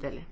președintele.